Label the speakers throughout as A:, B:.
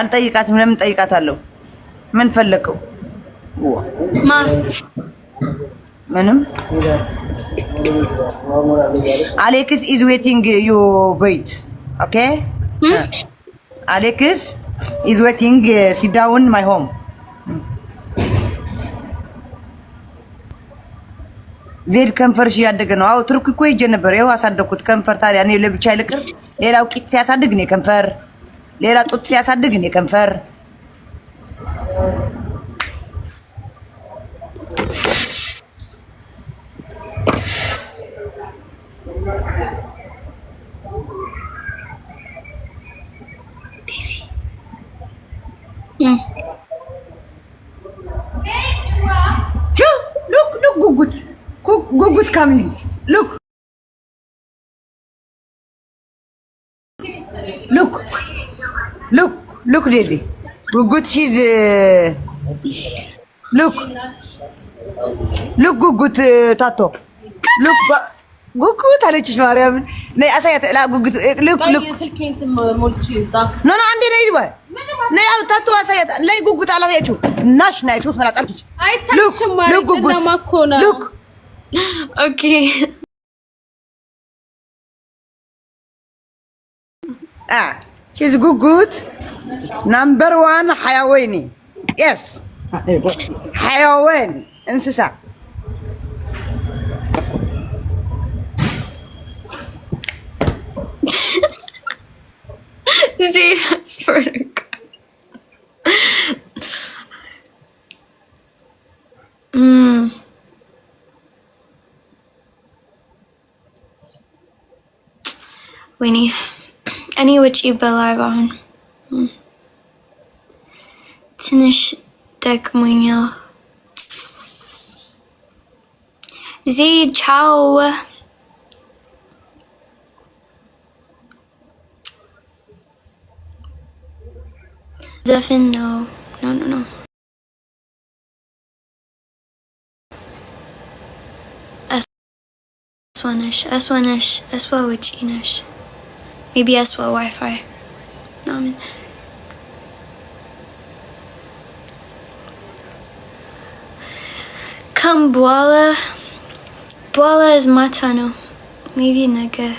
A: አልጠይቃትም። ለምን ጠይቃታለሁ? ምን ፈለከው? ምንም አሌክስ ኢዝ ዌቲንግ ዩ ቤት ኦኬ አሌክስ ኢዝ ዌቲንግ ሲዳውን ማይ ሆም ዜድ ከንፈርሽ እያደገ ነው። አዎ ትርኩ እኮ ይጀ ነበር። ይኸው አሳደግኩት ከንፈር። ታዲያ እኔ ለብቻ ይልቅር ሌላው ቂጥ ሲያሳድግ እኔ ከንፈር ሌላ ጡት ሲያሳድግ እኔ ከንፈር ጉጉት ጉጉት ካሚል ሉክ ሉክ ዴዚ ጉጉት ሺዝ ሉክ ሉክ ጉጉት ታቶ ጉጉት አለችሽ። ማርያምን ነይ አሳያት። ጉጉት uh, ሉክ ኖ አንዴ ነይ ይባል ነይ ታቶ አሳያት። ላይ ጉጉት አላሳያችሁ ናሽ ናይ ሶስት መላ ጣልኩሽ። ሉክ ጉጉት ሉክ ኦኬ አ ah. good, good. number one حيواني yes حيوان انسسا
B: See, that's for hmm. Winnie any which you believe on. Tanıştık mı ya? Z ciao. Zephin, no. No, no, no. Aswanish, Aswanish, Aswawicinish maybe as well Wi-Fi Come, Kambuala. Buala is Matano. Maybe Naga.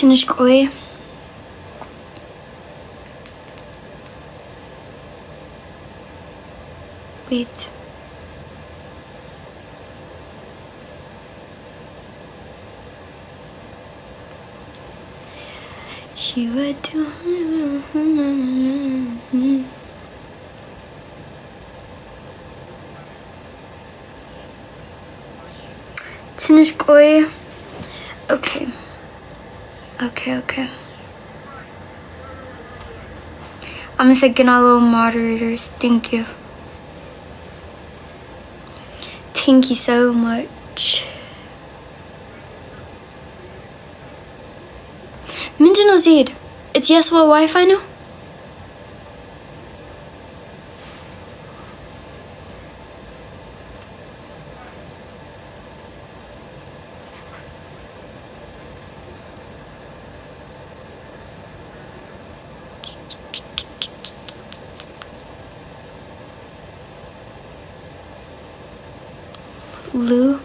B: ziemniaczny szkój. Wait. She would do. Ziemniaczny szkój. Okay. Okay, okay. I'm second all little moderators. Thank you. Thank you so much. Minjin Ozid, it's yes what Wi-Fi now? Lou.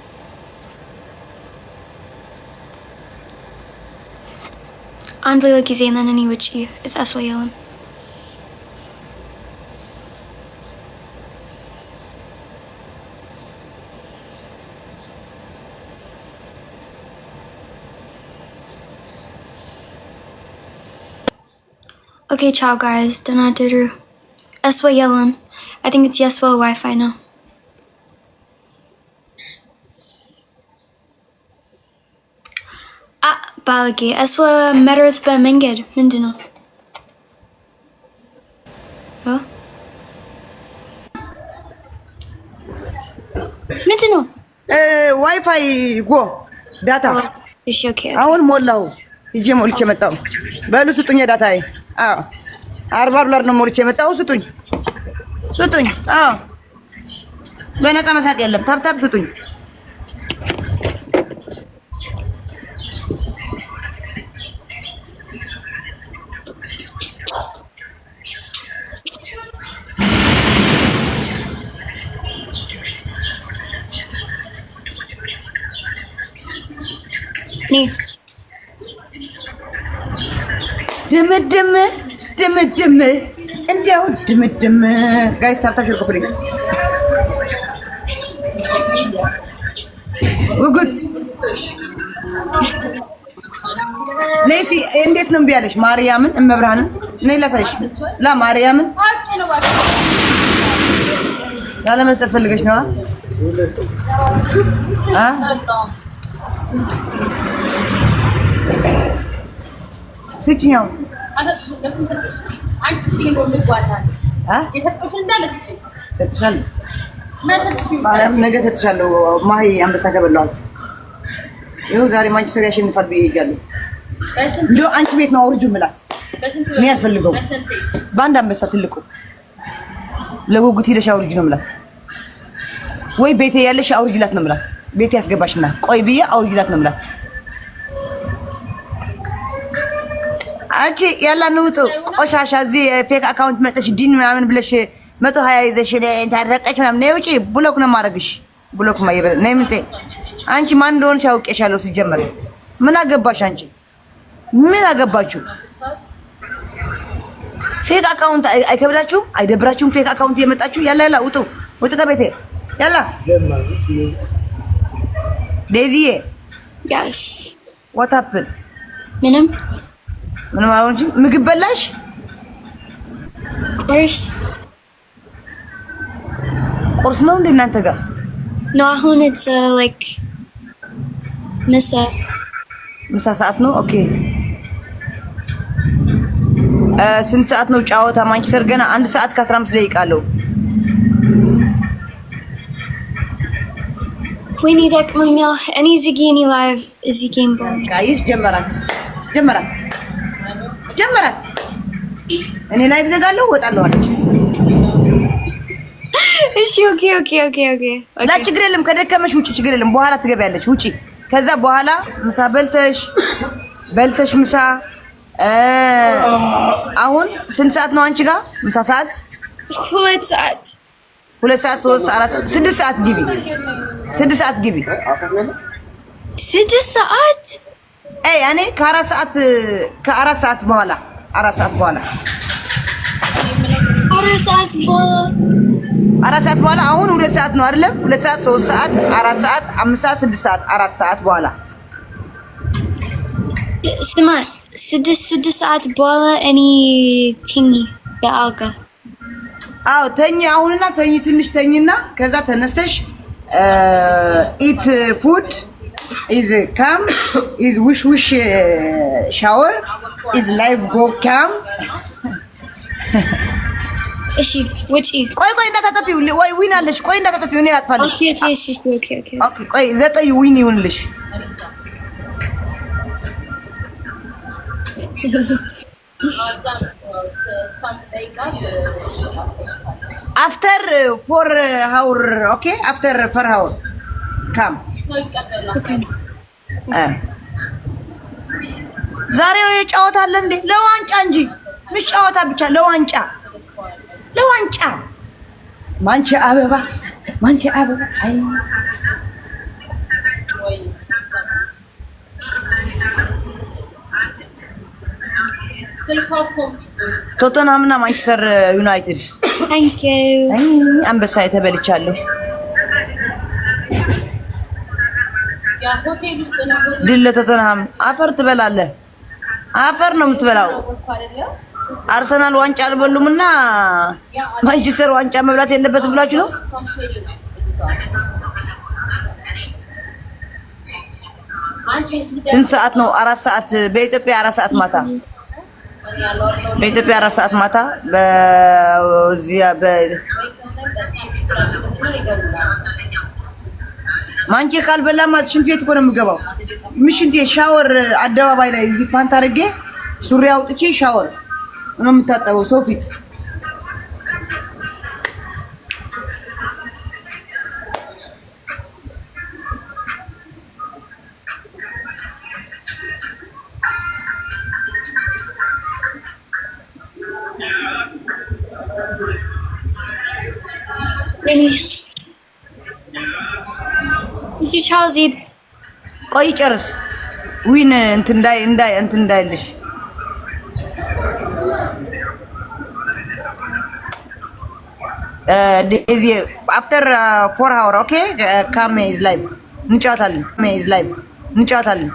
B: I'm Leila Gizalan and Iwichi, if that's what yelling. Okay, ciao guys, Donatiru. Eswa Yellen. I think it's yes for Wi-Fi now. ባልጌ እሷ መድረስ በመንገድ ምንድን ነው? ምንድን ነው?
A: ዋይፋይ ጎ ዳታ አሁን ሞላሁ። ይዤ ሞልቼ መጣሁ። በሉ ስጡኝ ዳታ። አርባ ዶላር ነው ሞልቼ መጣሁ። ስጡኝ፣ ስጡኝ። በነፃ መሳቅ የለም። ታብታብ ስጡኝ። ድምድም ድምድም እንዲያው ድምድም ጋይስ ታብታችሁ ልቆፍልኝ ውጉት ነይሲ እንዴት ነው እምቢ አለሽ? ማርያምን እመብርሃንን ነይ ላሳይሽ። ላ ማርያምን ላለመስጠት ፈልገሽ ነዋ። ስጭኛው ሰጥሻል። ነገ ሰጥሻለሁ። ማሂ አንበሳ ከበላኋት ይኸው ዛሬ ማንቸስተር ያሸንፋል ብዬ እሄዳለሁ። እንደው አንቺ ቤት ነው አውርጁ ምላት እኔ አልፈልገውም። በአንድ አንበሳ ትልቁ ለጉጉት ሄደሽ አውርጅ ነው ምላት ወይ ቤቴ ያለሽ አውርጅላት ነው ምላት ቤቴ ያስገባሽና ቆይ ብዬ አውርጅላት ነው ምላት አንቺ ያላን ውጡ ቆሻሻ እዚህ ፌክ አካውንት መጠሽ ዲን ምናምን ብለሽ መቶ ሀያ ይዘሽ ታረቀሽ ምናምን ነይ ውጪ። ብሎክ ነው ማድረግሽ። ብሎክ ማይበ ነይ ምንቴ አንቺ ማን እንደሆንሽ አውቄሻለሁ። ሲጀመር ምን አገባሽ አንቺ? ምን አገባችሁ? ፌክ አካውንት አይከብዳችሁም? አይደብራችሁም? ፌክ አካውንት እየመጣችሁ ያላ ያላ ውጡ፣ ውጡ ከቤቴ ያላ ዴዚዬ ያሽ ዋት አፕን ምንም ምንም አልሆንሽም። ምግብ በላሽ? ቁርስ ቁርስ ነው እንደ እናንተ ጋር
B: ነው። አሁን ኢትስ ላይክ uh, ምሳ
A: ምሳ ሰዓት ነው። ኦኬ ስንት ሰዓት ነው ጨዋታ? ማንቸስተር ገና አንድ ሰዓት ከ15 ደቂቃ አለው።
B: ወይኔ ይጠቅመኛል። እኔ እዚህ ጌም ላይቭ እዚህ ጌም
A: ጀመራት ጀመራት ጀመራት። እኔ ላይ ብዘጋለሁ እወጣለሁ አለች።
B: እሺ ኦኬ ኦኬ ኦኬ ኦኬ
A: ላይ ችግር የለም ከደከመሽ ውጪ ችግር የለም በኋላ ትገቢያለሽ ውጪ። ከዛ በኋላ ምሳ በልተሽ በልተሽ ምሳ አሁን ስንት ሰዓት ነው አንቺ ጋር ምሳ ሰዓት?
B: ሁለት ሰዓት
A: ሁለት ሰዓት ሶስት አራት ስድስት ሰዓት ግቢ ስድስት ሰዓት ግቢ
B: ስድስት ሰዓት
A: እኔ ከአራት ሰዓት ከአራት ሰዓት በኋላ አራት ሰዓት በኋላ አራት ሰዓት በኋላ አሁን ሁለት ሰዓት ነው አይደለም? ሁለት ሰዓት፣ ሶስት ሰዓት፣ አራት ሰዓት፣ አምስት ሰዓት፣ ስድስት ሰዓት፣ አራት ሰዓት በኋላ
B: ስማ፣ ስድስት ስድስት ሰዓት በኋላ እኔ ትኝ ያአጋ
A: አዎ፣ ተኝ አሁንና ተኝ፣ ትንሽ ተኝና ከዛ ተነስተሽ ኢት ፉድ is uh, come is ውሽ wish uh, shower is live go come
B: እሺ ውጪ
A: ቆይ ቆይ እንዳታጠፊው ወይ ዊን አለሽ ቆይ እንዳታጠፊው እኔ ላጥፋለሽ ኦኬ ቆይ ዘጠኝ ዊን ይሁንልሽ አፍተር ፎር ሀውር ኦኬ አፍተር ፎር ሀውር ካም ዛሬው የጨዋታ አለ እንዴ? ለዋንጫ እንጂ ምሽ ጨዋታ ብቻ ለዋንጫ ለዋንጫ ማንቺ አበባ ማንቺ አበባ አይ ቶተንሃምና ማንቸስተር ዩናይትድ አንበሳ የተበልቻለሁ። ድል ለቶተንሃም። አፈር ትበላለህ፣ አፈር ነው የምትበላው። አርሰናል ዋንጫ አልበሉም እና ማንቸስተር ዋንጫ መብላት የለበትም ብላችሁ ነው። ስንት ሰዓት ነው? አራት ሰዓት በኢትዮጵያ አራት ሰዓት ማታ በኢትዮጵያ አራት ሰዓት ማታ በዚያ በ ማንኪያ ካልበላማ ሽንት ቤት እኮ ነው የምገባው። ምን ሽንት ሻወር፣ አደባባይ ላይ እዚህ ፓንት አድርጌ ሱሪ አውጥቼ ሻወር ነው የምታጠበው ሰው ፊት እሺ ቻው ቆይ ጨርስ። ዊን እንትን እንዳይ እንዳይ እንትን እንዳይልሽ ዴዚ አፍተር ፎር ሃወር ኦኬ ካም ኢዝ ላይፍ እንጫወታለን።